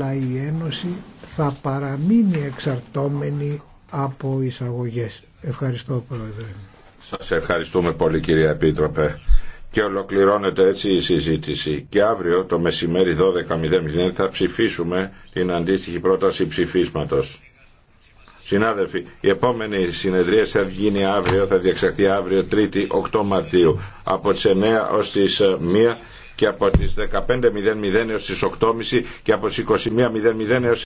αλλά η Ένωση θα παραμείνει εξαρτώμενη από εισαγωγές. Ευχαριστώ Πρόεδρε. Σας ευχαριστούμε πολύ κύριε Επίτροπε. Και ολοκληρώνεται έτσι η συζήτηση. Και αύριο το μεσημέρι 12.00 θα ψηφίσουμε την αντίστοιχη πρόταση ψηφίσματος. Συνάδελφοι, η επόμενη συνεδρία θα γίνει αύριο, θα διεξαχθεί αύριο 3η 8 Μαρτίου από τις 9 ως τις 1 και από τις 15.00 έως τις 8.30 και από τις 21.00 έως